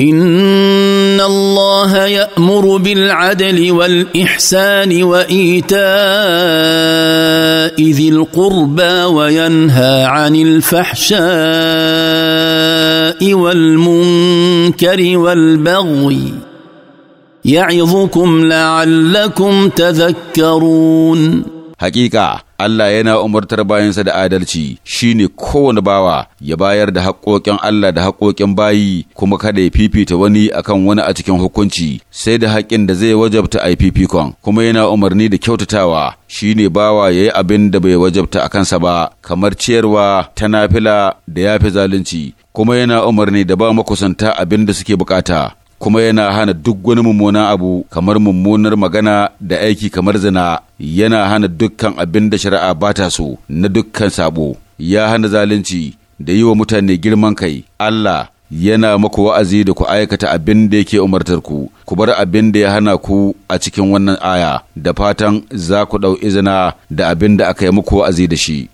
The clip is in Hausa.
ان الله يامر بالعدل والاحسان وايتاء ذي القربى وينهى عن الفحشاء والمنكر والبغي يعظكم لعلكم تذكرون حقيقه Allah yana umartar bayansa da adalci shi ne kowane bawa ya bayar da haƙoƙin Allah da haƙoƙin bayi kuma kada ya fifita wani akan wani a cikin hukunci sai da haƙƙin da zai wajabta a fifikon kuma yana umarni da kyautatawa shi ne bawa ya yi abin da bai wajabta a kansa ba kamar ciyarwa ta nafila da fi zalunci kuma yana umarni da ba makusanta abin da suke bukata kuma yana hana duk wani mummunan abu kamar mummunar magana da aiki kamar zina yana hana dukkan abin da shari'a ba ta so na dukkan sabo ya hana zalunci da yi wa mutane girman kai Allah yana maku wa'azi da ku aikata abin da yake umartar ku ku bar abin da ya hana ku a cikin wannan aya da fatan za ku ɗau izina da abin da aka yi muku wa'azi da shi